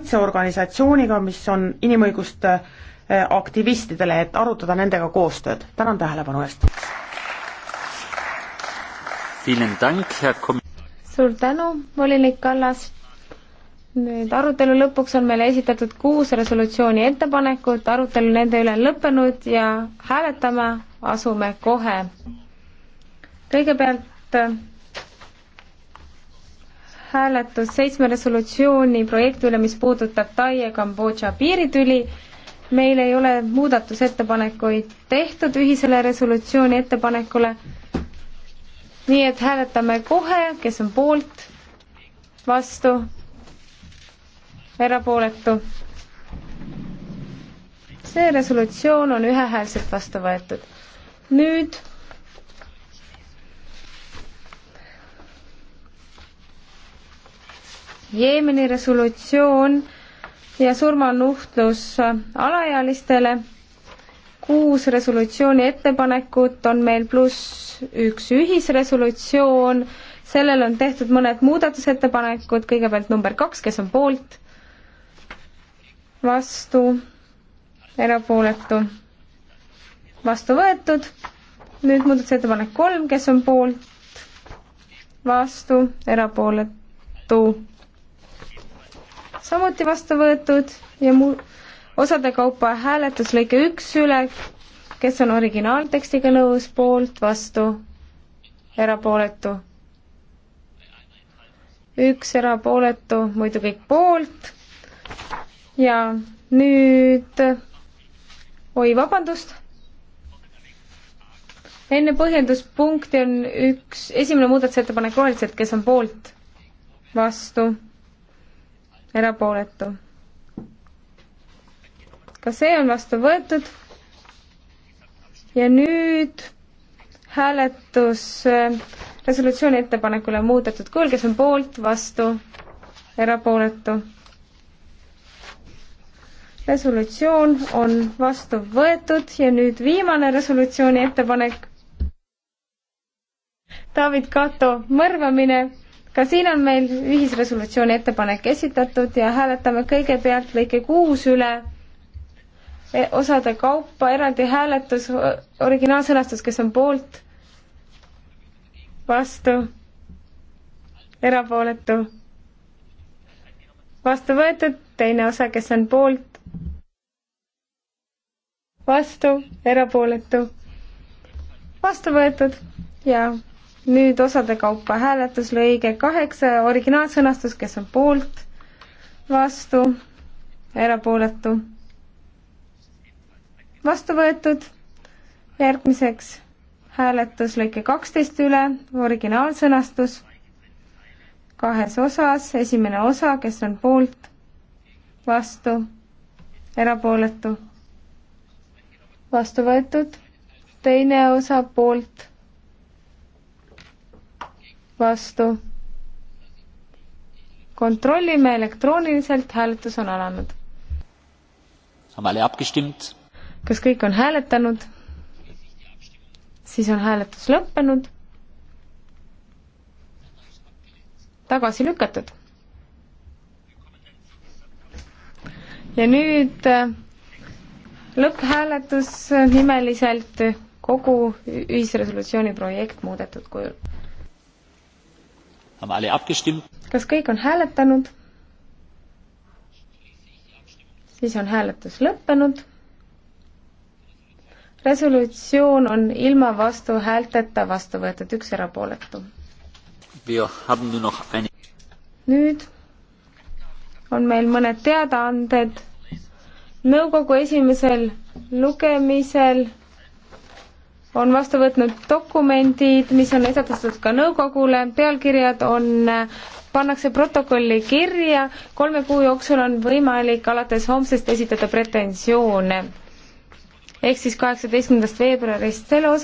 kaitseorganisatsiooniga, mis on inimõiguste eh, aktivistidele, et arutada nendega koostööd. tänan tähelepanu eest! suur tänu, volinik Kallas! nüüd arutelu lõpuks on meile esitatud kuus resolutsiooni ettepanekut, arutelu nende üle on lõppenud ja hääletama asume kohe. kõigepealt hääletus seitsme resolutsiooni projekti üle, mis puudutab Tai ja Kambodža piiritüli. meil ei ole muudatusettepanekuid tehtud ühisele resolutsiooni ettepanekule. nii et hääletame kohe, kes on poolt, vastu, erapooletu. see resolutsioon on ühehäälselt vastu võetud. nüüd Jeemeni resolutsioon ja surmanuhtlus alaealistele. kuus resolutsiooni ettepanekut on meil pluss üks ühisresolutsioon, sellel on tehtud mõned muudatusettepanekud, kõigepealt number kaks, kes on poolt, vastu, erapooletu, vastu võetud, nüüd muudatusettepanek kolm, kes on poolt, vastu, erapooletu, samuti vastu võetud ja mu-, osade kaupa hääletus lõike üks üle, kes on originaaltekstiga nõus, poolt, vastu, erapooletu. üks erapooletu, muidu kõik poolt ja nüüd, oi, vabandust enne põhjenduspunkti on üks, esimene muudatusettepanek roheliselt, kes on poolt, vastu, erapooletu. ka see on vastu võetud. ja nüüd hääletus äh, resolutsiooni ettepanekule muudetud kujul, kes on poolt, vastu, erapooletu. resolutsioon on vastu võetud ja nüüd viimane resolutsiooni ettepanek. David Kato mõrvamine ka siin on meil ühisresolutsiooni ettepanek esitatud ja hääletame kõigepealt lõike kuus üle e, osade kaupa, eraldi hääletus, originaalsõnastus, kes on poolt, vastu, erapooletu, vastu võetud, teine osa, kes on poolt, vastu, erapooletu, vastu võetud ja nüüd osade kaupa hääletus, lõige kaheksa, originaalsõnastus, kes on poolt, vastu, erapooletu, vastu võetud, järgmiseks hääletus lõike kaksteist üle, originaalsõnastus, kahes osas, esimene osa, kes on poolt, vastu, erapooletu, vastu võetud, teine osa poolt vastu. kontrollime elektrooniliselt, hääletus on alanud. kas kõik on hääletanud? siis on hääletus lõppenud. tagasi lükatud. ja nüüd äh, lõpphääletus äh, nimeliselt kogu ühisresolutsiooni projekt muudetud kujul kas kõik on hääletanud? siis on hääletus lõppenud. resolutsioon on ilma vastuhäälteta vastu võetud, üks erapooletu. nüüd on meil mõned teadaanded. nõukogu esimesel lugemisel on vastu võtnud dokumendid, mis on edastatud ka nõukogule, pealkirjad on, pannakse protokolli kirja, kolme kuu jooksul on võimalik alates homsest esitada pretensioone. ehk siis kaheksateistkümnendast veebruarist selle osa